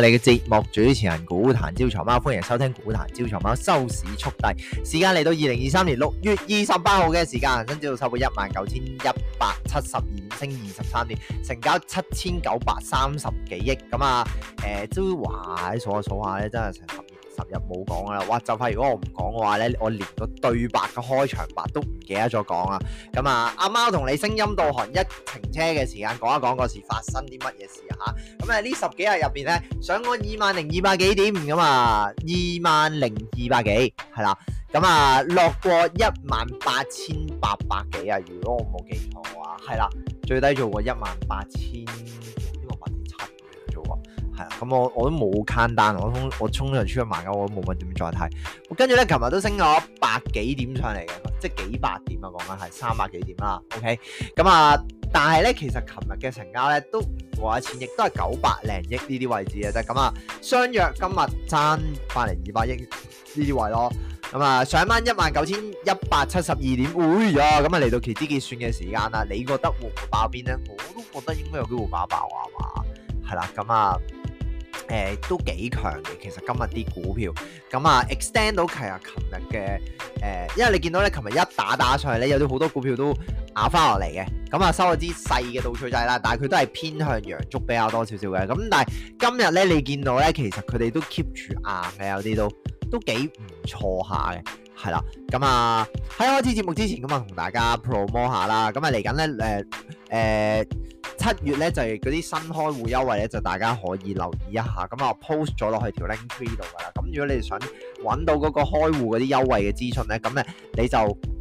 你嘅節目主持人股壇招財貓，歡迎收聽股壇招財貓收市速遞。時間嚟到二零二三年六月二十八號嘅時間，跟住收報一萬九千一百七十二點，升二十三點，成交七千九百三十幾億。咁啊，誒、呃，都話數下數下咧，數一數一真係成。十十日冇講啦，哇！就係如果我唔講嘅話咧，我連個對白嘅開場白都唔記得咗講啦。咁、嗯、啊，阿貓同你聲音導航一停車嘅時間講一講嗰時發生啲乜嘢事啊，咁啊，呢、嗯、十幾日入邊咧，上過二萬零二百幾點咁啊，二萬零二百幾係啦。咁啊，落、嗯嗯、過一萬八千八百幾啊。如果我冇記錯嘅話，係啦，最低做過一萬八千。咁我我都冇慳單我衝我通常出去萬九，我都冇問點樣再睇。跟住咧，琴日都升咗百幾點上嚟嘅，即係幾百點啊，講緊係三百幾點啦。OK，咁、嗯、啊，但係咧，其實琴日嘅成交咧都冇啊錢，亦都係九百零億呢啲位置嘅，即咁啊，相約今日爭百零二百億呢啲位咯。咁、嗯、啊，上翻一萬九千一百七十二點。哎呀，咁啊嚟到期指結算嘅時間啦，你覺得會唔會爆邊咧？我都覺得應該有機會爆爆啊嘛，係啦，咁、嗯、啊。嗯誒都幾強嘅，其實今日啲股票咁啊，extend 到其實琴日嘅誒，因為你見到咧，琴日一打打上去咧，有啲好多股票都硬翻落嚟嘅，咁啊收咗啲細嘅倒取勢啦，但係佢都係偏向陽燭比較多少少嘅，咁但係今日咧你見到咧，其實佢哋都 keep 住硬嘅，有啲都都幾唔錯下嘅，係啦，咁啊喺開始節目之前咁啊，同大家 promo 下啦，咁啊嚟緊咧誒誒。呃七月咧就係嗰啲新開戶優惠咧，大家可以留意一下。咁我 post 咗落去條 linktree 度噶啦。咁如果你想揾到嗰個開戶嗰啲優惠嘅資訊咧，咁咧你就。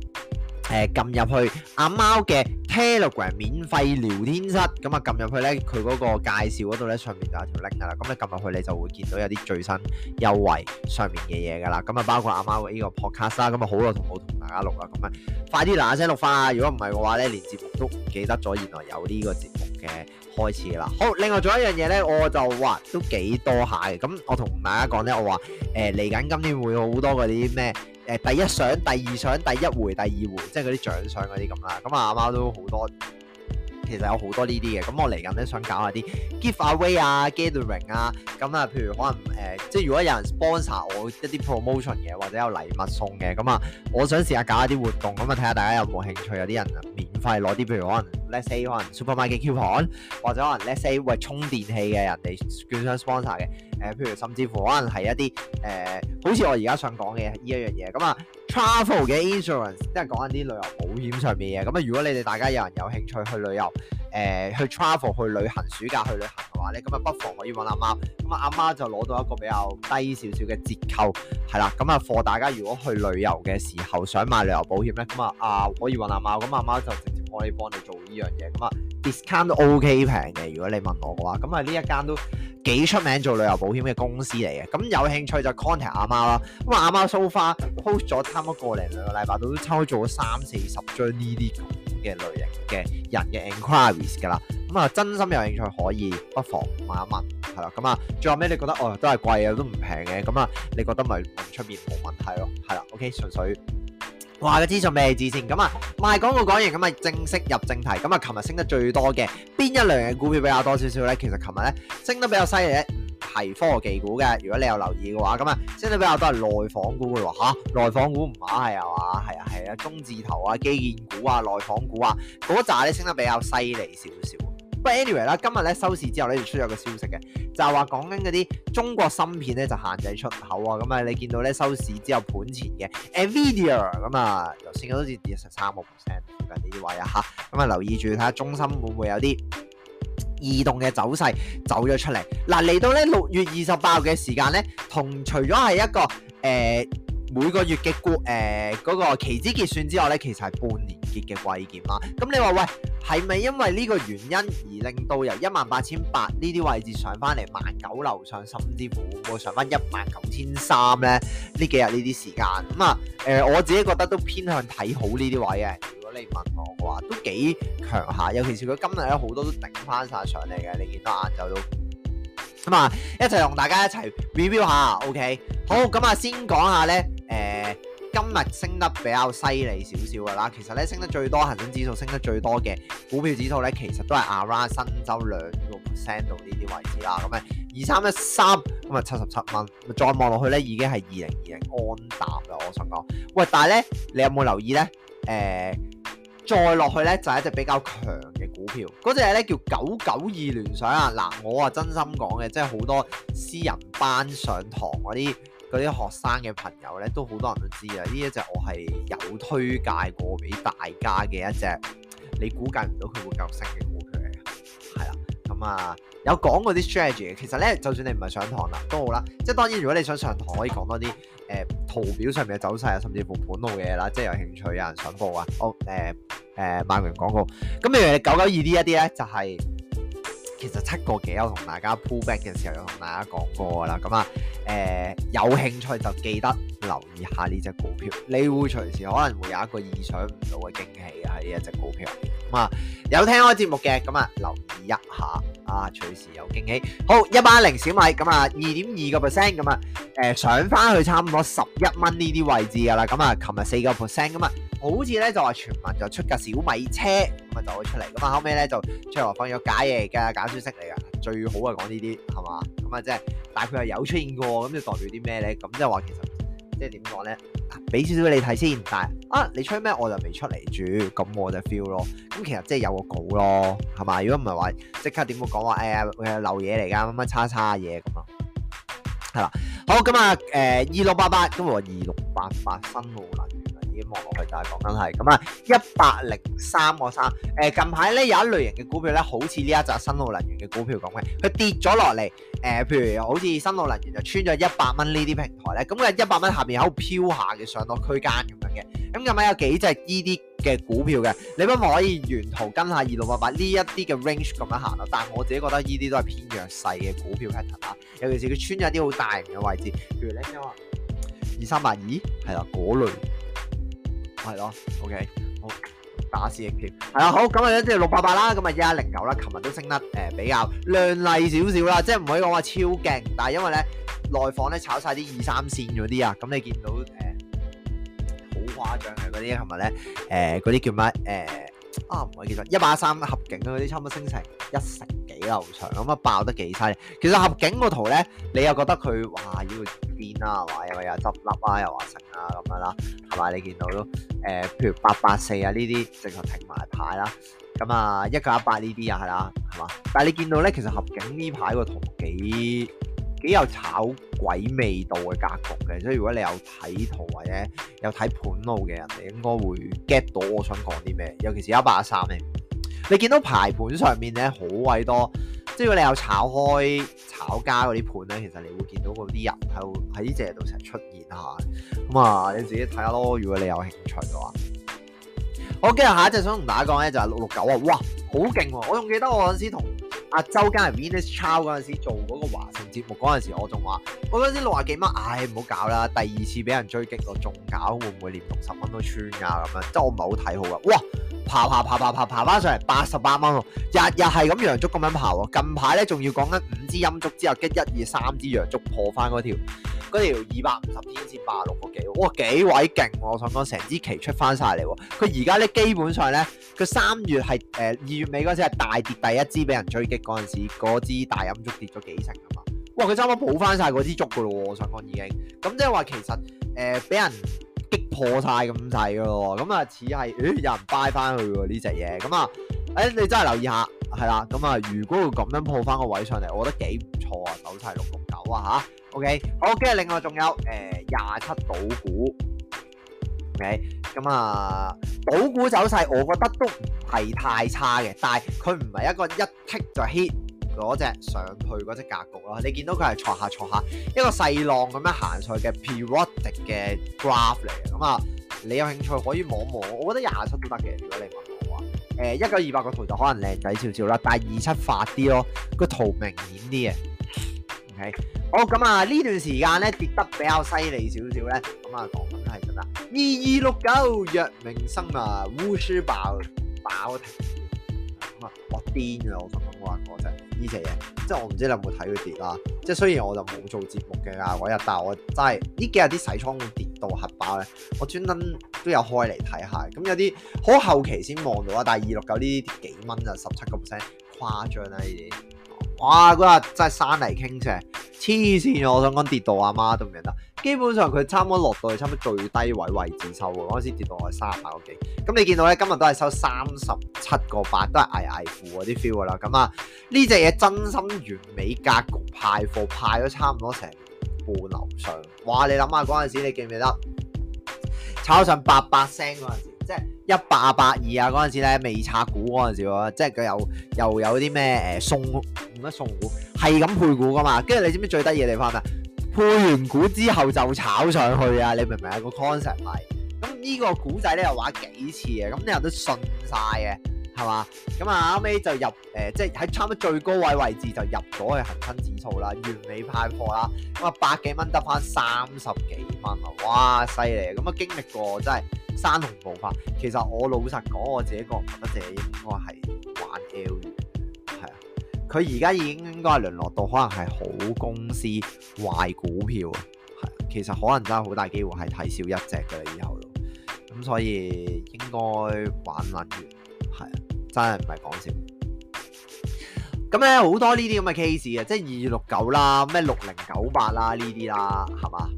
誒撳入去阿、啊、貓嘅 Telegram 免費聊天室，咁啊撳入去咧，佢嗰個介紹嗰度咧上面就有條 link 噶啦，咁你撳入去你就會見到有啲最新優惠上面嘅嘢噶啦，咁啊包括阿、啊、貓呢個 podcast 啦、啊，咁啊好耐冇同大家錄啦，咁啊快啲嗱嗱聲錄翻啊！如果唔係嘅話咧，連節目都唔記得咗，原來有呢個節目嘅開始啦。好，另外仲有一樣嘢咧，我就話都幾多下嘅，咁我同大家講咧，我話誒嚟緊今年會有好多嗰啲咩？誒第一相、第二相、第一回、第二回，即係嗰啲獎賞嗰啲咁啦。咁啊，阿媽都好多，其實有好多呢啲嘅。咁我嚟緊咧想搞下啲 give away 啊、gathering 啊。咁啊，譬如可能誒、呃、即係如果有人 sponsor 我一啲 promotion 嘅，或者有禮物送嘅，咁啊，我想試下搞下啲活動，咁啊，睇下大家有冇興趣，有啲人啊。快攞啲，譬如可能 Let's say 可能 Supermarket coupon，或者可能 Let's say 為充電器嘅人哋捐上 sponsor 嘅，誒、呃，譬如甚至乎可能係一啲誒、呃，好似我而家想講嘅呢一樣嘢，咁啊，travel 嘅 insurance，即係講緊啲旅遊保險上面嘅，咁啊，如果你哋大家有人有興趣去旅遊。誒、呃、去 travel 去旅行，暑假去旅行嘅話咧，咁啊不妨可以揾阿貓，咁啊阿貓就攞到一個比較低少少嘅折扣，係啦，咁啊貨大家如果去旅遊嘅時候想買旅遊保險咧，咁啊啊可以揾阿貓，咁阿貓就直接可以幫你幫做呢樣嘢，咁啊 discount 都 OK 平嘅，如果你問我嘅話，咁啊呢一間都幾出名做旅遊保險嘅公司嚟嘅，咁有興趣就 contact 阿貓啦，咁啊阿貓 so far post 咗差唔多個零兩個禮拜都都抽咗三四十張呢啲。嘅類型嘅人嘅 inquiries 噶啦，咁啊，真心有興趣可以不妨問一問，係啦，咁啊，最後尾你覺得哦都係貴啊，都唔平嘅，咁啊，你覺得咪出、哦、面冇問題咯，係啦，OK，純粹，話個資訊，俾你知先。咁啊，賣廣告講完咁啊，正式入正題，咁啊，琴日升得最多嘅邊一類嘅股票比較多少少咧？其實琴日咧升得比較犀利係科技股嘅，如果你有留意嘅話，咁啊升得比較多係內房股嘅咯吓，內、啊、房股唔啊係啊嘛，係啊係啊，中字頭啊、基建股啊、內房股啊嗰扎咧升得比較犀利少少。不過 anyway 啦，今日咧收市之後咧就出咗個消息嘅，就係話講緊嗰啲中國芯片咧就限制出口啊，咁、嗯、啊你見到咧收市之後盤前嘅 Nvidia 咁啊，又升咗好似二十三個 percent 附近呢啲位啊吓，咁啊留意住睇下中芯會唔會有啲。移動嘅走勢走咗出嚟，嗱、啊、嚟到咧六月二十八號嘅時間咧，同除咗係一個誒、呃、每個月嘅固誒嗰個期指結算之外咧，其實係半年結嘅貴劍啦。咁、嗯、你話喂，係咪因為呢個原因而令到由一萬八千八呢啲位置上翻嚟萬九樓上，甚至乎會上翻一萬九千三咧？呢幾日呢啲時間咁啊？誒、嗯呃、我自己覺得都偏向睇好呢啲位嘅。你問我嘅話都幾強下，尤其是佢今日咧好多都頂翻晒上嚟嘅。你見到晏晝都咁啊，一齊同大家一齊 review 下。OK，好咁啊、嗯，先講下咧，誒、呃，今日升得比較犀利少少嘅啦。其實咧，升得最多恒生指數升得最多嘅股票指數咧，其實都係亞亞申洲兩個 percent 到呢啲位置啦。咁啊，二三一三咁啊，七十七蚊。再望落去咧，已經係二零二零安踏啦。我想講，喂，但係咧，你有冇留意咧？誒、呃。再落去呢，就係、是、一隻比較強嘅股票，嗰隻呢叫九九二聯想啊！嗱，我啊真心講嘅，即係好多私人班上堂嗰啲啲學生嘅朋友呢，都好多人都知啊！呢一隻我係有推介過俾大家嘅一隻，你估計唔到佢會，會夠升嘅股票嚟嘅，係啊！咁、嗯、啊、嗯、有講嗰啲 strategy 嘅，其實呢，就算你唔係上堂啦都好啦，即係當然如果你想上堂可以講多啲圖表上面嘅走勢啊，甚至乎本路嘅嘢啦，即係有興趣，有人想報啊，我誒誒萬元廣告，咁誒九九二 D 一啲咧就係、是。其實七個幾，我同大家 pull back 嘅時候，有同大家講過噶啦。咁啊，誒、呃、有興趣就記得留意下呢隻股票，你會隨時可能會有一個意想唔到嘅驚喜嘅，呢一隻股票。咁啊，有聽開節目嘅，咁啊留意一下，啊，隨時有驚喜。好，一百零小米，咁啊二點二個 percent，咁啊誒上翻去差唔多十一蚊呢啲位置噶啦。咁啊，琴日四個 percent，咁啊。好似咧就話全民就出架小米車咁啊就會出嚟，咁啊，後尾咧就出嚟話放咗假嘢嚟噶，假消息嚟噶最好啊講呢啲係嘛？咁啊即係但係佢係有出現過，咁就代表啲咩咧？咁即係話其實即係點講咧，啊俾少少俾你睇先。但係啊你出咩我就未出嚟住，咁我就 feel 咯，咁其實即係有個稿咯係嘛？如果唔係話即刻點會講話哎呀誒漏嘢嚟噶乜乜叉叉嘢咁啊係啦。好，咁啊誒二六八八，咁我二六八八新奧林望落去、就是，但係講真係咁啊，一百零三個三，誒，近排咧有一類型嘅股票咧，好似呢一隻新奧能源嘅股票咁嘅，佢跌咗落嚟，誒、呃，譬如好似新奧能源就穿咗一百蚊呢啲平台咧，咁佢一百蚊下面喺度飄下嘅上落區間咁樣嘅，咁近排有幾隻呢啲嘅股票嘅，你可唔可以沿途跟下二六八八呢一啲嘅 range 咁樣行啊？但係我自己覺得呢啲都係偏弱勢嘅股票 pattern 啊，尤其是佢穿咗啲好大型嘅位置，譬如咧，二三八二係啦，嗰類。係咯，OK，好打 C A P，係啦，好咁啊，一即係六八八啦，咁啊，一零九啦，琴日都升得誒、呃、比較亮麗少少啦，即係唔可以講話超勁，但係因為咧內房咧炒晒啲二三線嗰啲啊，咁、嗯、你見到誒好誇張嘅嗰啲，琴日咧誒嗰啲叫乜誒、呃、啊唔係，其實一百三合景啊嗰啲差唔多升成一成幾樓長，咁啊爆得幾犀利，其實合景個圖咧，你又覺得佢哇要？啦，係嘛？又又執笠啊，又話成日咁樣啦，係嘛？你見到咯？誒、呃，譬如八八四啊呢啲，正常停埋牌啦。咁啊，一九一八呢啲啊，係啦，係嘛？但係你見到咧，其實合景呢排個圖幾幾有炒鬼味道嘅格局嘅，所以如果你有睇圖或者有睇盤路嘅人，你應該會 get 到我想講啲咩。尤其是一八一三咧。你見到排盤上面咧，好鬼多，即係如果你有炒開炒家嗰啲盤咧，其實你會見到嗰啲人喺喺呢隻度成日出現下，咁啊你自己睇下咯。如果你有興趣嘅話，我跟住下一隻想同大家講咧就係六六九啊，哇，好勁喎！我仲記得我嗰陣時同阿周嘉怡 Winners 抄嗰時做嗰個華盛節目嗰陣時我，我仲話我嗰陣時六十幾蚊，唉，唔好搞啦，第二次俾人追擊個仲搞會唔會連六十蚊都穿啊咁樣，即係我唔係好睇好嘅，哇！爬爬爬爬爬翻上嚟八十八蚊喎，日日係咁陽竹咁樣爬喎。近排咧仲要講緊五支陰竹之後激一二三支陽竹破翻嗰條，嗰條二百五十天線八六個幾，哇幾位勁喎，啊！我想講成支期出翻晒嚟喎。佢而家咧基本上咧，佢三月係誒二月尾嗰陣時係大跌第一支俾人追擊嗰陣時，嗰支大陰竹跌咗幾成啊嘛。哇！佢差唔多補翻晒嗰支竹噶咯喎，我想講已經。咁即係話其實誒俾、呃、人。擊破晒咁滯噶咯喎，咁啊似係，咦有人 buy 翻去喎呢隻嘢，咁啊，哎你真係留意下，係啦，咁啊如果佢咁樣鋪翻個位上嚟，我覺得幾唔錯啊，走晒六六九啊吓，OK，好，跟住另外仲有誒廿七賭股，OK，咁啊賭股走勢，我覺得都唔係太差嘅，但係佢唔係一個一剔就 hit。嗰隻上去嗰隻格局咯，你見到佢係坐下坐下一個細浪咁樣行上去嘅 period 嘅 graph 嚟嘅，咁啊，你有興趣可以望一望，我覺得廿七都得嘅。如果你問我話，誒一九二八個圖就可能靚仔少少啦，但係二七發啲咯，個圖明顯啲嘅。OK，好咁啊，呢段時間咧跌得比較犀利少少咧，咁啊講緊係真啦。二二六九，藥明生啊，巫師爆，爆停。我癲嘅！我想講個真，呢隻嘢，即係我唔知你有冇睇佢跌啦。即係雖然我就冇做節目嘅嗱嗰日，但係我真係呢幾日啲洗倉會跌到核爆咧，我專登都有開嚟睇下。咁有啲好後期先望到啊，但係二六九呢幾蚊啊，十七個 percent 誇張啦呢啲！哇，嗰日真係山泥傾瀉。黐線啊！我想講跌到阿媽，媽都唔認得，基本上佢差唔多落到去差唔多最低位位置收喎。嗰陣時跌到係三十八個幾，咁你見到咧今日8，都係收三十七個八，都係挨挨負嗰啲 feel 噶啦。咁啊，呢隻嘢真心完美格局派貨派咗差唔多成半樓上。哇！你諗下嗰陣時，你記唔記得炒上八百聲嗰陣？即係一八八二啊嗰陣時咧，未拆股嗰陣時喎，即係佢又又有啲咩誒送唔乜送股，係咁配股噶嘛。跟住你知唔知最得意嘅地方啊？配完股之後就炒上去啊！你明唔明啊？個 concept 係咁呢個股仔咧又玩幾次啊，咁啲人都信晒嘅，係嘛？咁啊後尾就入誒、呃，即係喺差唔多最高位位置就入咗去恒生指數啦，完美派貨啦。咁啊百幾蚊得翻三十幾蚊啊！哇，犀利，啊！咁啊經歷過真係～山洪暴發，其實我老實講，我自己覺得，只應該係玩 L 元，係啊，佢而家已經應該係淪落到可能係好公司壞股票，係啊，其實可能真係好大機會係睇少一隻噶啦，以後都，咁所以應該玩輪完。係啊，真係唔係講笑。咁咧好多呢啲咁嘅 case 啊，即係二六九啦，咩六零九八啦呢啲啦，係嘛？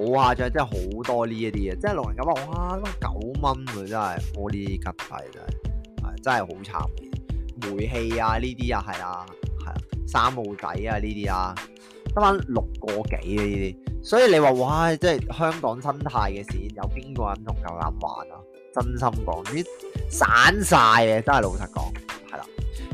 冇下漲，真係好多呢一啲嘢，即係路人咁話，哇！今晚九蚊喎，真係嗰啲吉費真係，係真係好慘。煤氣啊，呢啲啊，係啊，係啊，三號仔啊，呢啲啊，得返六個幾啊呢啲，所以你話哇，即係香港生態嘅市，有邊個人仲夠膽玩啊？真心講，啲散晒嘅，真係老實講，係啦、啊。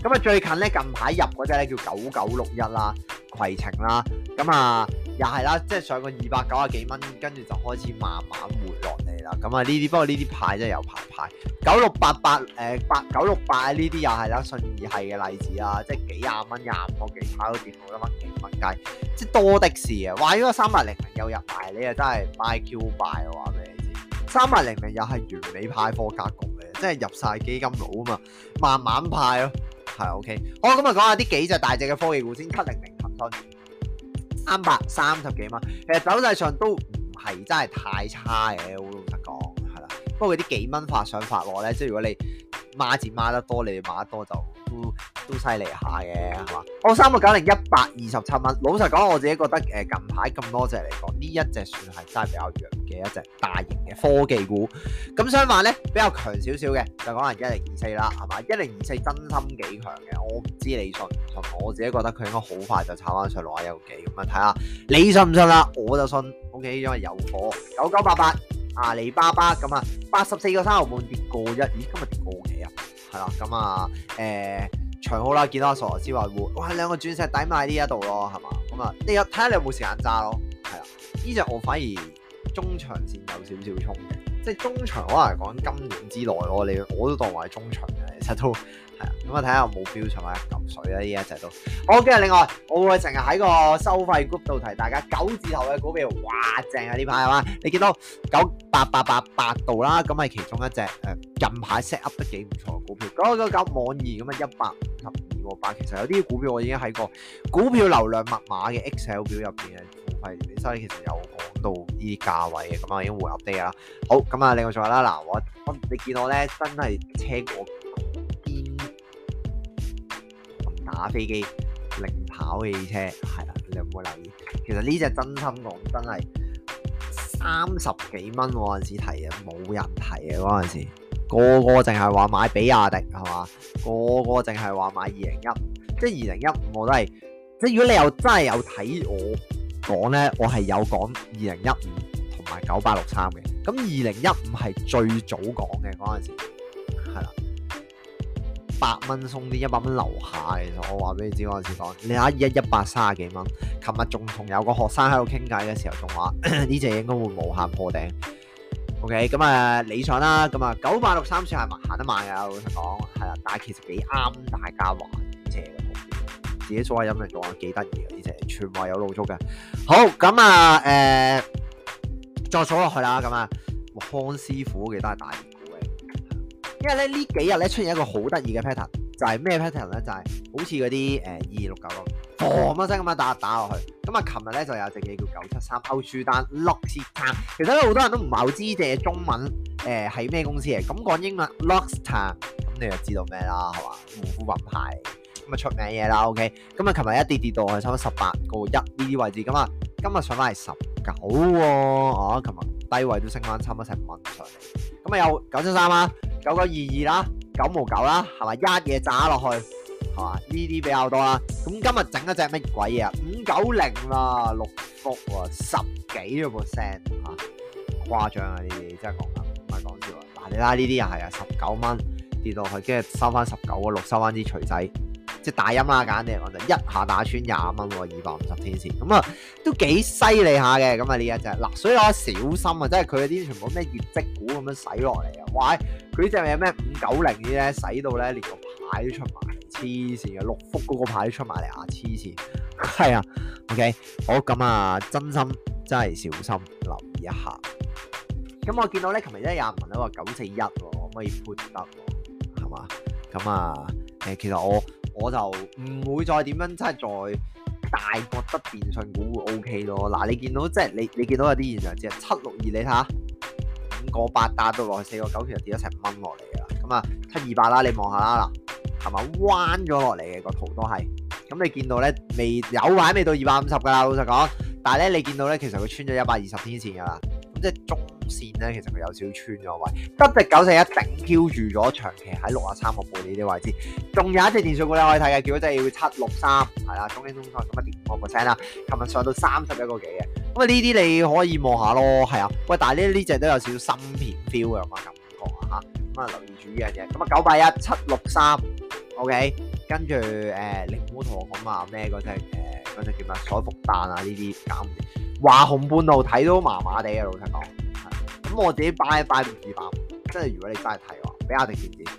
咁、嗯、啊，最近咧近排入嗰隻咧叫九九六一啦，攜程啦，咁、嗯、啊。又係啦，即係上過二百九啊幾蚊，跟住就開始慢慢回落嚟啦。咁啊呢啲，不過呢啲派真係有排派，九六八八誒八九六八呢啲又係啦，信義係嘅例子啊，即係幾廿蚊廿個好幾派都變到一蚊幾蚊計，即係多的士啊。哇，呢個三百零零又入埋，你啊真係 buy Q buy 話俾你知，三百零零又係完美派貨格局嘅，即係入晒基金佬啊嘛，慢慢派咯、啊，係 OK。好，咁啊講下啲幾隻大隻嘅科技股先，七零零騰訊。3. 三百三十幾蚊，其實走勢上都唔係真係太差嘅，好老實講，係啦。不過佢啲幾蚊發上發落咧，即係如果你。孖字孖得多，你哋買得多就都都犀利下嘅，係嘛？我三個九零一百二十七蚊。老實講，我自己覺得誒近排咁多隻嚟講，呢一隻算係真係比較弱嘅一隻大型嘅科技股。咁相反咧，比較強少少嘅就講係一零二四啦，係嘛？一零二四真心幾強嘅，我唔知你信唔信，我自己覺得佢應該好快就炒翻上六百有個咁樣！睇下你信唔信啦，我就信，OK，因為有火九九八八。阿里巴巴咁啊，八十四個三毫半跌過一，咦今日跌過幾啊？係啦，咁啊，誒、呃，長好啦，見到阿傻子話，哇，兩個鑽石抵埋呢一度咯，係嘛？咁啊，你有睇下你有冇時間揸咯？係啦，呢隻我反而中長線有少少衝嘅，即係中長可能係講今年之內我你我都當埋中長嘅，其實都。係啊，咁我睇下冇標就咪撳水啦，呢隻都。OK，另外我會成日喺個收費 group 度提大家九字頭嘅股票，哇，正啊！呢排係嘛？你見到九八八八八度啦，咁係其中一隻誒，近排 set up 得幾唔錯嘅股票，嗰個九九九網二咁啊一百十二個八，其實有啲股票我已經喺個股票流量密碼嘅 Excel 表入邊嘅付費 list，所以其實有講到呢啲價位嘅，咁啊已經會 update 啦。好，咁啊另外仲有啦，嗱我，你見我咧真係聽過。打飛機、零跑汽車，係啦，你有冇留意？其實呢隻真心講真係三十幾蚊嗰陣時提啊，冇人提嘅嗰陣時，個個淨係話買比亞迪係嘛，個個淨係話買二零一，即係二零一五我都係，即係如果你又真係有睇我講咧，我係有講二零一五同埋九八六三嘅，咁二零一五係最早講嘅嗰陣時。百蚊送啲一百蚊樓下，其實我話俾你知嗰陣時講，你下一一百三十幾蚊，琴日仲同有個學生喺度傾偈嘅時候仲話呢隻應該會無限破頂。OK，咁、嗯、啊理想啦，咁啊九百六三算係咪行得慢啊，老實講係啦，但係其實幾啱大家玩呢隻嘅，自己所謂有嚟，人仲話幾得意啊呢隻，全話有露出嘅。好，咁啊誒再數落去啦，咁、嗯、啊康師傅記得係大。因為呢幾日咧出現一個好得意嘅 pattern，就係咩 pattern 咧？就係、是就是、好似嗰啲誒二二六九咁，boom 一聲咁啊打打落去。咁啊，琴日咧就有隻嘢叫九七三歐舒丹 L'Occitane 其實都好多人都唔係好知，即係中文誒係咩公司嘅？咁講英文 L'Occitane，咁你就知道咩啦，係嘛？護膚品牌咁啊出名嘢啦。OK，咁啊琴日一跌跌到去差唔多十八個一呢啲位置，咁啊今日上翻係十九。哦，琴日。低位都升翻差唔多成蚊出嚟，咁啊有九千三啦，九九二二啦，九毛九啦，係咪？一嘢打落去，係嘛呢啲比較多啦。咁今日整一隻乜鬼啊？五九零啦，六福喎，十幾個 percent 啊，誇張啊呢啲，真係講唔係講笑。嗱你睇下呢啲又係啊，十九蚊跌落去，跟住收翻十九個六，收翻啲錘仔。即係大陰啦，簡你，我就一下打穿廿蚊喎，二百五十天線咁啊，都幾犀利下嘅咁啊呢一隻嗱，所以我小心啊，即係佢嗰啲全部咩業績股咁樣使落嚟啊，喂，佢呢隻有咩五九零呢啲咧，使到咧連個牌都出埋，黐線啊，六福嗰個牌都出埋嚟啊，黐線，係啊，OK，好咁啊，真心真係小心留意一下。咁我見到咧，琴日咧廿蚊啊，九四一喎，可唔可以判得？係嘛？咁啊，誒，其實我。我就唔會再點樣，即係再大覺得電訊股會 O K 咯。嗱，你見到即係你，你見到有啲現象，即係七六二，你睇下，五個八打到落去，四個九其實跌咗成蚊落嚟噶啦。咁啊，七二八啦，你望下啦，嗱，係咪彎咗落嚟嘅個圖都係？咁你見到咧，未有位未到二百五十噶啦，老實講。但係咧，你見到咧，其實佢穿咗一百二十天線噶啦。即係中線咧，其實佢有少少穿咗位，吉迪九四一頂飄住咗，長期喺六啊三六半呢啲位置，仲有一隻電信股你可以睇嘅，叫即係七六三，係啦，中興通訊咁一跌五個 percent 啦，琴日上到三十一個幾嘅，咁啊呢啲你可以望下咯，係啊，喂，但係呢呢隻都有少少芯片 feel 嘅嘛感覺嚇，咁啊留意住呢樣嘢，咁啊九八一七六三，OK，呃、跟住誒你唔好同我講啊咩嗰隻誒嗰隻叫咩？彩服彈啊呢啲減。華雄半路睇到麻麻地嘅，老實講，咁我自己拜一擺字板，真係如果你真係睇嘅話，比亞迪電子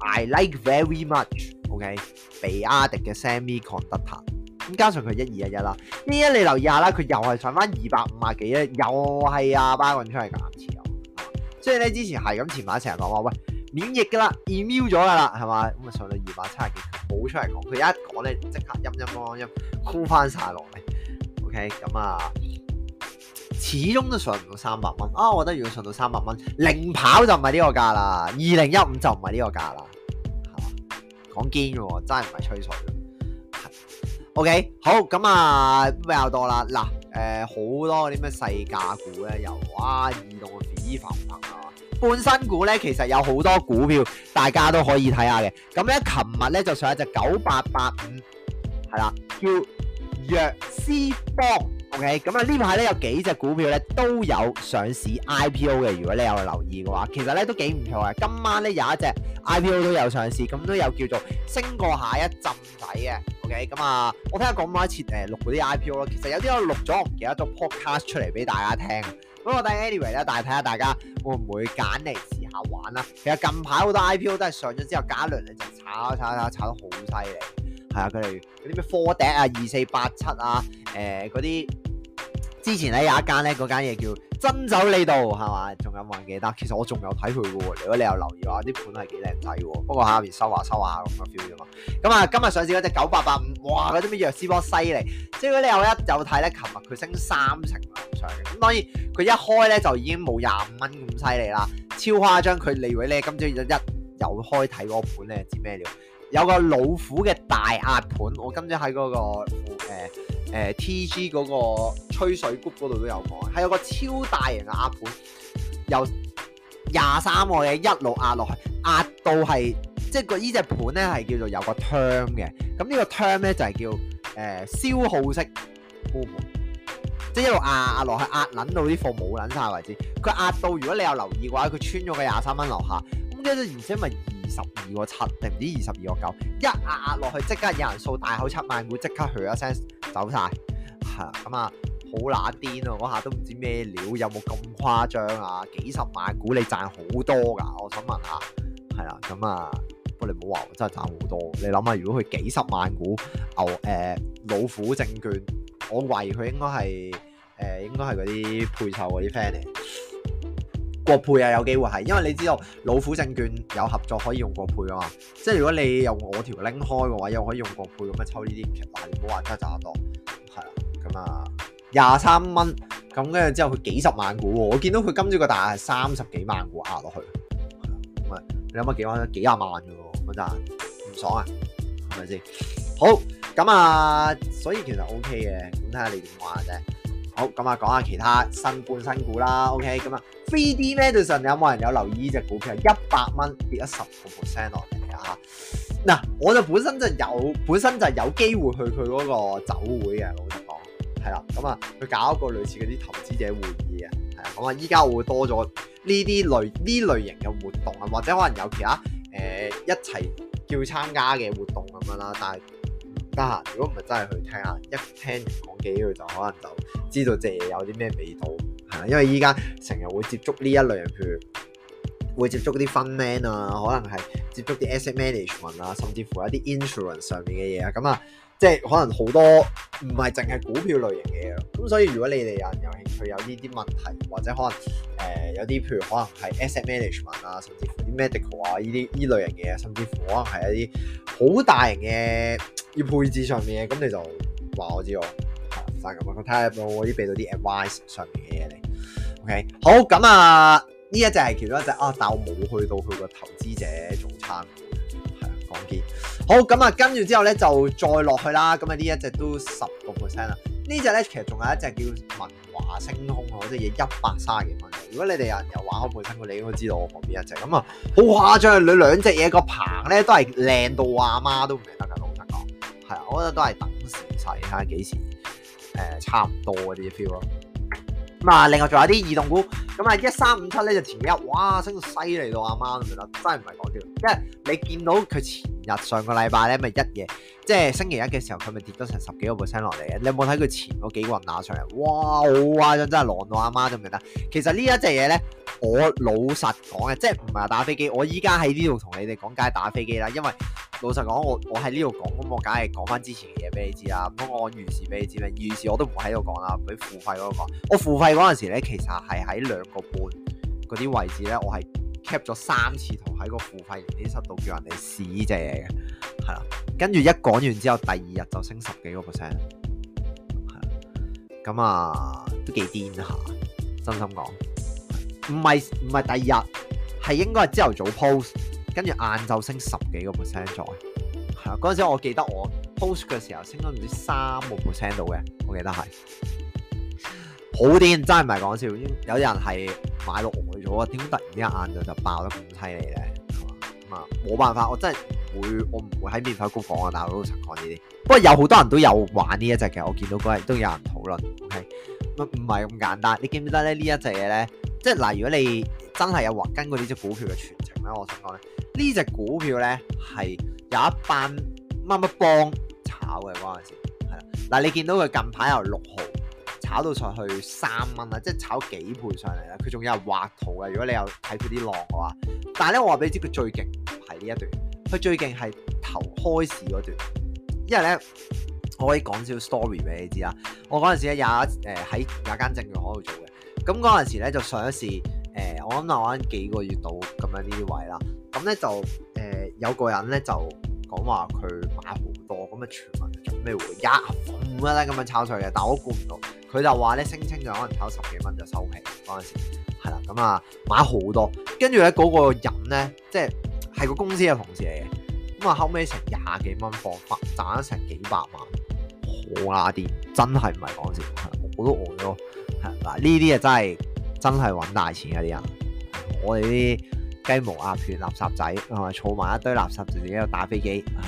，I like very much，OK，比亞迪嘅 Semiconductor，咁加上佢一二一一啦，呢一你留意下啦，佢又係上翻二百五啊幾嘅，又係阿班搵出嚟嘅持有，所以咧之前係咁前排成日講話喂，免疫嘅啦，immune 咗嘅啦，係嘛？咁啊上到二百七啊幾，冇出嚟講，佢一講咧即刻陰陰咯陰，箍翻晒落嚟。咁啊、okay，始終都上唔到三百蚊啊！我覺得如果上到三百蚊，零跑就唔係呢個價啦，二零一五就唔係呢個價啦，係嘛？講堅嘅，真係唔係吹水嘅。O、okay, K，好，咁啊比較多啦，嗱、啊，誒、呃、好多啲咩細價股咧，又哇移動嘅飛凡啦，半新股咧，其實有好多股票大家都可以睇下嘅。咁咧，琴日咧就上一隻九八八五，係啦，叫，藥師幫，OK，咁啊呢排咧有幾隻股票咧都有上市 IPO 嘅，如果你有留意嘅話，其實咧都幾唔錯嘅。今晚咧有一隻 IPO 都有上市，咁都有叫做升過下一浸底嘅，OK，咁啊，我聽下咁多次誒錄嗰啲 IPO 咯，其實有啲我錄咗，唔記得咗 podcast 出嚟俾大家聽。不過但係 Anyway 咧，但係睇下大家會唔會揀嚟試下玩啦。其實近排好多 IPO 都係上咗之後，加輪就炒，炒，炒，炒得好犀利。係啊，佢哋嗰啲咩科笛啊、二四八七啊、誒嗰啲，之前咧有一間咧嗰間嘢叫珍酒李渡，係嘛？仲有冇人記得？其實我仲有睇佢喎。如果你有留意嘅話，啲盤係幾靚仔喎。不過下邊收下收下咁嘅 feel 啫嘛。咁啊、嗯，今日上市嗰隻九八八五，哇！嗰啲咩藥師波犀利，即係你有一有睇咧，琴日佢升三成咁上嘅。咁當然佢一開咧就已經冇廿五蚊咁犀利啦，超誇張。佢嚟位咧今朝一有開睇嗰個盤咧，知咩料？有個老虎嘅大壓盤，我今日喺嗰個誒、呃呃、TG 嗰個吹水谷嗰度都有講，係有個超大型嘅壓盤，由廿三個嘢一路壓落去，壓到係即係個呢隻盤咧係叫做有個 term 嘅，咁呢個 term 咧就係、是、叫誒、呃、消耗式盤、哦哦，即係一路壓壓落去壓撚到啲貨冇撚曬為止，佢壓到，壓到如果你有留意嘅話，佢穿咗個廿三蚊樓下，咁跟住唔知咪。十二個七定唔知二十二個九，7, 9, 一壓壓落去，即刻有人掃大口七萬股，即刻去一聲走晒。係咁啊，好乸癲啊！嗰下都唔知咩料，有冇咁誇張啊？幾十萬股你賺好多噶？我想問下，係啦，咁啊，不過你唔好話，真係賺好多。你諗下，如果佢幾十萬股牛，誒、呃、老虎證券，我懷疑佢應該係誒、呃、應該係嗰啲配售嗰啲 friend 嚟。國配啊，有機會係，因為你知道老虎證券有合作可以用國配啊嘛，即係如果你用我條拎開嘅話，又可以用國配咁樣抽呢啲劇，你唔好話加賺得多，係啦，咁啊廿三蚊，咁跟住之後佢幾十萬股喎，我見到佢今朝個大係三十幾萬股下落去，係、啊、你諗下幾萬幾廿萬嘅喎，咁真係唔爽啊，係咪先？好，咁啊，所以其實 O K 嘅，咁睇下你點話啫。好咁啊，講下其他新盤新股啦。OK，咁啊，e 飛啲咧，最上有冇人有留意呢隻股票？一百蚊跌咗十個 percent 落嚟啊！嗱，我就本身就有，本身就有機會去佢嗰個酒會嘅，老實講，係啦。咁啊，去搞一個類似嗰啲投資者會議嘅，係啊。咁啊，依家會多咗呢啲類呢類型嘅活動啊，或者可能有其他誒、呃、一齊叫參加嘅活動咁樣啦，但係。得閒如果唔係真係去聽下，一聽完講幾句就可能就知道隻嘢有啲咩味道嚇、啊，因為依家成日會接觸呢一類人，譬如會接觸啲 fund man 啊，可能係接觸啲 asset management 啊，甚至乎一啲 insurance 上面嘅嘢啊，咁啊。即係可能好多唔係淨係股票類型嘅嘢咁，所以如果你哋有人有興趣有呢啲問題，或者可能誒、呃、有啲譬如可能係 asset management 啊，甚至乎啲 medical 啊呢啲呢類型嘅嘢，甚至乎可能係一啲好大型嘅要配置上面嘅，咁你就話我知我係咁啊，我睇下我可以俾到啲 advice 上面嘅嘢你。OK，好咁啊，呢一隻係其中一隻啊，但我冇去到佢個投資者早餐。好咁啊，跟住之後咧就再落去啦。咁啊，呢一隻都十個 percent 啦。隻呢隻咧其實仲有一隻叫文華星空嗰隻嘢一百卅幾蚊。如果你哋有人有玩開倍分嘅，你應該知道我旁邊一隻咁啊、嗯，好誇張。你兩隻嘢個棚咧都係靚到阿媽都唔得噶，老實講。係啊，我覺得都係等時勢睇下幾時誒、呃，差唔多啲 feel 咯。另外仲有啲異動股，咁啊，一三五七咧就前幾日，哇升到犀利到阿媽咁樣啦，真係唔係講笑。因為你見到佢前日上個禮拜咧，咪一夜即係、就是、星期一嘅時候，佢咪跌咗成十幾個 percent 落嚟嘅。你有冇睇佢前嗰幾個人打上嚟？哇！好啊，真係狼到阿媽都唔得。其實呢一隻嘢咧，我老實講嘅，即係唔係話打飛機。我依家喺呢度同你哋講解打飛機啦，因為。老實講，我我喺呢度講，咁我梗係講翻之前嘅嘢俾你知啦。咁我按完事俾你知咩？完事我都唔喺度講啦。俾付費嗰個講，我付費嗰陣時咧，其實係喺兩個半嗰啲位置咧，我係 cap 咗三次圖喺個付費盈啲室度，叫人哋試隻嘢嘅，係啦。跟住一講完之後，第二日就升十幾個 percent，係咁啊，都幾癲吓，真心講。唔係唔係，第二日係應該係朝頭早 post。跟住晏晝升十幾個 percent 咗，係啦、啊。嗰陣時我記得我 post 嘅時候升咗唔知三個 percent 到嘅，我記得係。好癲真係唔係講笑，有啲人係買落去咗啊！點解突然之間晏晝就爆得咁犀利咧？咁啊冇辦法，我真係唔會，我唔會喺免費股房啊！大佬，陳講呢啲。不過有好多人都有玩呢一隻嘅，我見到嗰日都有人討論。O K，唔係咁簡單。你記唔記得咧？呢一隻嘢咧，即係嗱，如果你真係有跟過呢隻股票嘅全程咧，我想講咧。呢隻股票咧係有一班乜乜幫炒嘅嗰陣時，係啦。嗱，你見到佢近排由六毫炒到上去三蚊啦，即係炒幾倍上嚟啦。佢仲有畫圖嘅，如果你有睇佢啲浪嘅話。但係咧，我話俾你知，佢最勁係呢一段。佢最勁係頭開始嗰段，因為咧我可以講少 story 俾你知啦。我嗰陣時咧有、呃、有一誒喺有間證券行度做嘅，咁嗰陣時咧就上一市誒，我諗我玩幾個月到咁樣呢啲位啦。咧就誒、呃、有個人咧就講話佢買好多咁，啊傳聞做咩會一咁蚊咧咁啊炒菜嘅，但我估唔到佢就話咧聲稱就可能炒十幾蚊就收皮嗰陣時係啦咁啊買好多，跟住咧嗰個人咧即係係個公司嘅同事嚟嘅，咁、嗯、啊後尾成廿幾蚊貨賺咗成幾百萬，好啦啲真係唔係講笑，我都餓咗。嗱呢啲啊真係真係搵大錢嘅啲人，我哋啲。雞毛鴨血垃圾仔，係咪儲埋一堆垃圾就自己喺度打飛機，係嘛？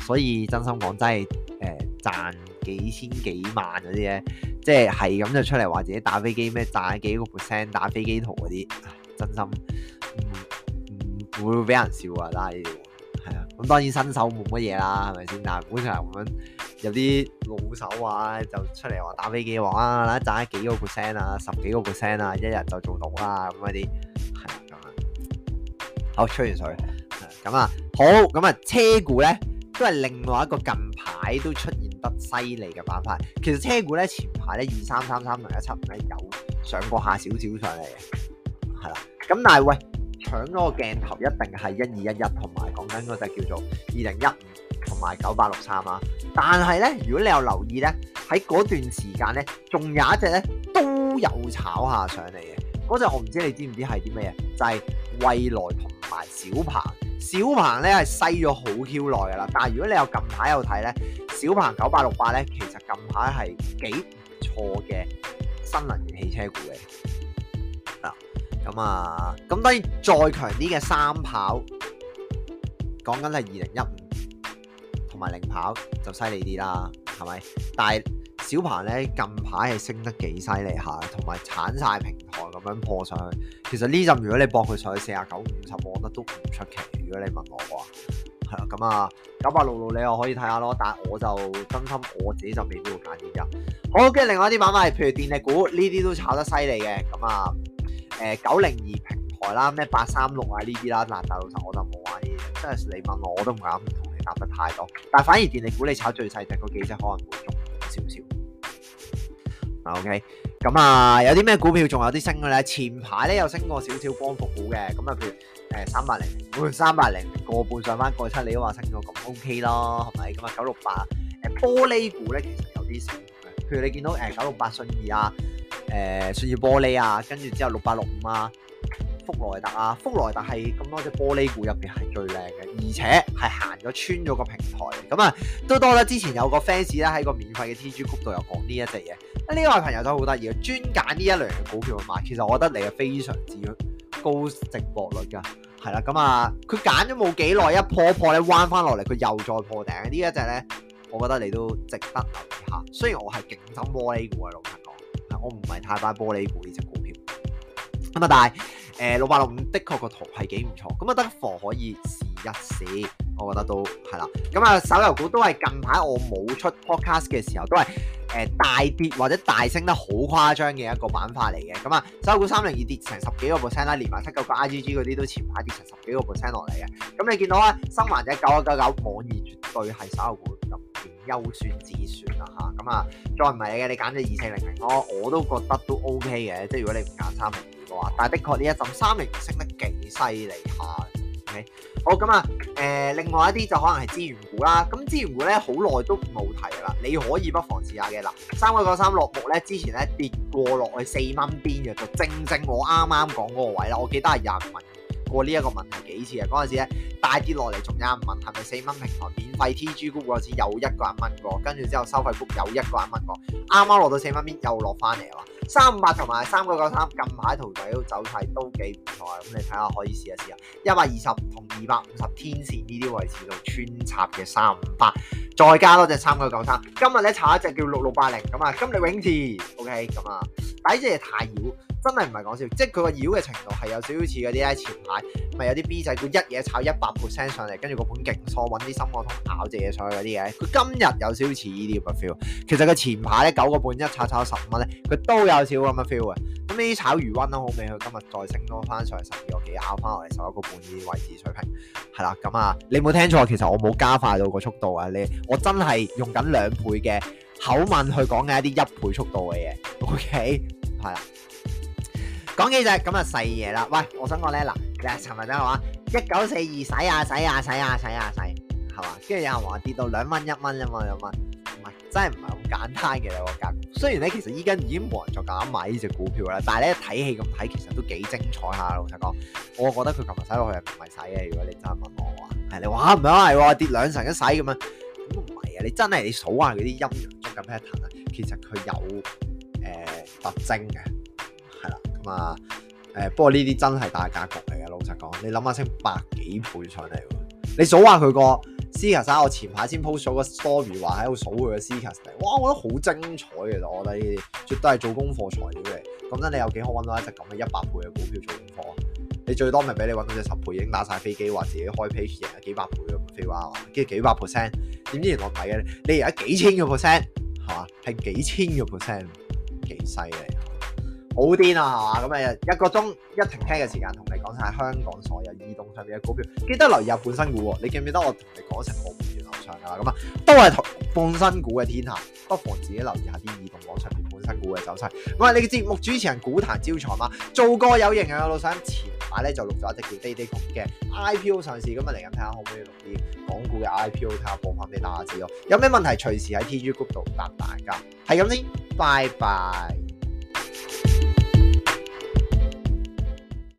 所以真心講真係，誒、呃、賺幾千幾萬嗰啲咧，即係係咁就出嚟話自己打飛機咩賺幾個 percent 打飛機圖嗰啲，真心唔唔會俾人笑啊！但係係啊，咁當然新手冇乜嘢啦，係咪先？但係本嚟咁樣有啲老手啊，就出嚟話打飛機話啊，賺幾個 percent 啊，十幾個 percent 啊，一日就做到啦咁嗰啲。好吹完水咁啊，嗯，好咁啊，車股咧都係另外一個近排都出現得犀利嘅板塊。其實車股咧前排咧二三三三同一七五咧有上過下少少上嚟嘅係啦。咁但係喂搶嗰個鏡頭一定係一二一一同埋講緊嗰隻叫做二零一五同埋九八六三啊。但係咧如果你有留意咧喺嗰段時間咧，仲有一隻咧都有炒下上嚟嘅嗰隻。隻我唔知你知唔知係啲咩嘢？就係蔚來。同埋小鵬，小鵬咧係細咗好 Q 耐噶啦，但係如果你有近排有睇咧，小鵬九八六八咧，其實近排係幾唔錯嘅新能源汽車股嘅。咁、嗯、啊，咁、嗯嗯、當然再強啲嘅三跑，講緊係二零一五，同埋零跑就犀利啲啦，係咪？但係。小鵬咧近排係升得幾犀利下，同埋鏟晒平台咁樣破上去。其實呢陣如果你博佢上去四啊九五十，我覺得都唔出奇。如果你問我話係啊，咁啊九八六六你又可以睇下咯。但係我就真心我自己就未必會揀呢隻。好嘅，另外啲板塊譬如電力股呢啲都炒得犀利嘅。咁啊誒九零二平台啦，咩八三六啊呢啲啦，難大老實我就冇玩呢啲。真係你問我我都唔敢同你答得太多。但係反而電力股你炒最細隻嗰幾隻可能滿用。少少，OK，咁啊，有啲咩股票仲有啲升嘅咧？前排咧又升過少少光伏股嘅，咁啊，譬如誒三百零，三百零個半上翻個七，你都話升咗，咁 OK 咯，係咪？咁啊九六八，誒玻璃股咧其實有啲少嘅，譬如你見到誒九六八信義啊，誒信義玻璃啊，跟住之後六八六五啊。福萊特啊，福萊特係咁多隻玻璃股入邊係最靚嘅，而且係行咗穿咗個平台，咁啊都多啦。之前有個 fans 咧喺個免費嘅 TG 谷度，又講呢一隻嘢，呢、啊、位、這個，朋友都好得意，專揀呢一類嘅股票去買。其實我覺得你係非常之高值博率噶，係啦，咁啊佢揀咗冇幾耐，一破一破咧彎翻落嚟，佢又再破頂呢一隻咧，我覺得你都值得留意下。雖然我係勁憎玻璃股啊，老實講，但我唔係太愛玻璃隻股呢隻股。咁啊，但係誒六八六五的確個圖係幾唔錯，咁啊得貨可以試一試，我覺得都係啦。咁啊、嗯，手遊股都係近排我冇出 podcast 嘅時候，都係誒、呃、大跌或者大升得好誇張嘅一個玩法嚟嘅。咁、嗯、啊，手遊股三零二跌成十幾個 percent 啦，連埋七九九 I G G 嗰啲都前排跌成十幾個 percent 落嚟嘅。咁、嗯、你見到啦，新環者九一九九網易絕對係手遊股入邊優選之選啦吓，咁、嗯、啊、嗯，再唔係嘅你揀隻二四零零咯，2, 4, 0, 0, 我都覺得都 O K 嘅。即係如果你唔揀三。唔但係的確呢一陣三零升得幾犀利下，OK？好，咁啊，誒、呃，另外一啲就可能係資源股啦。咁資源股咧好耐都冇提啦，你可以不妨試下嘅。嗱，三九九三落目咧之前咧跌過落去四蚊邊嘅，就正正我啱啱講嗰個位啦，我記得係廿五蚊。過呢一,一個問題幾次啊？嗰陣時咧大跌落嚟，仲有人問係咪四蚊平台免費 T G 谷嗰時，有一個人問過，跟住之後收費谷有一個人問過，啱啱落到四蚊邊又落翻嚟啊！三五八同埋三個九三，近排圖仔都走晒，都幾唔錯啊！咁你睇下可以試一試啊！一百二十同二百五十天線呢啲位置度穿插嘅三五八，再加多隻三個九三。今日咧查一隻叫六六八零咁啊，金力永磁，OK 咁啊。第一隻太妖，真係唔係講笑，即係佢個妖嘅程度係有少少似嗰啲咧。前排咪有啲 B 仔股一嘢炒一百 percent 上嚟，跟住個盤勁疏，揾啲深港通咬隻嘢上去嗰啲嘢，佢今日有少少似呢啲嘅 feel。其實佢前排咧九個半一炒炒十五蚊咧，佢都有少咁嘅 feel 嘅。咁呢啲炒魚溫都好嘅，佢今日再升多翻上嚟十二個幾，咬翻落嚟十一個半呢啲位置水平，係啦。咁啊，你冇聽錯，其實我冇加快到個速度啊，你我真係用緊兩倍嘅。口吻去講嘅一啲一倍速度嘅嘢，OK 係啦，講幾隻咁啊細嘢啦。喂，我想講咧嗱，尋日都係話一九四二洗啊洗啊洗啊洗啊洗啊洗，係嘛，跟住有人話跌到兩蚊一蚊啫嘛，兩蚊，唔係真係唔係咁簡單嘅。兩個價，雖然咧其實依家已經冇人再敢買呢隻股票啦，但係咧睇戲咁睇，其實都幾精彩下。老實講，我覺得佢琴日洗落去係唔係洗嘅，如果你真係問我，係你話唔係跌兩成一洗咁樣。你真係你數下嗰啲陰陽燭嘅 pattern 啊，其實佢有誒、呃、特徵嘅，係啦，咁、嗯、啊，誒、呃，不過呢啲真係大格局嚟嘅。老實講，你諗下先，百幾倍上嚟，你數下佢個 c i，我前排先 post 咗個 story 話喺度數佢嘅 c i 哇，我覺得好精彩嘅，我覺得呢啲絕對係做功課材料嚟，咁真，你有幾可揾到一隻咁嘅一百倍嘅股票做功課？你最多咪俾你揾到隻十倍已經打晒飛機，話自己開 page 贏咗幾百倍。話，跟幾百 percent，點知原來睇嘅你而家幾千個 percent，係嘛，係幾千個 percent，幾犀利，好癲啊，係嘛，咁啊一個鐘一停聽嘅時間，同你講晒香港所有移動上面嘅股票，記得留意下本身股，你記唔記得我，你講我同你講成個股嘅樓上噶啦，咁啊都係同本身股嘅天下，不妨自己留意下啲移動攞出嚟。新股嘅走勢，我係你嘅節目主持人股壇招財貓，做過有型嘅老細。前排咧，就錄咗一隻叫滴滴谷嘅 IPO 上市咁啊，嚟緊睇下可唔可以錄啲港股嘅 IPO 睇下播放畀大家知咯。有咩問題隨時喺 TG group 度答大家，係咁先，拜拜。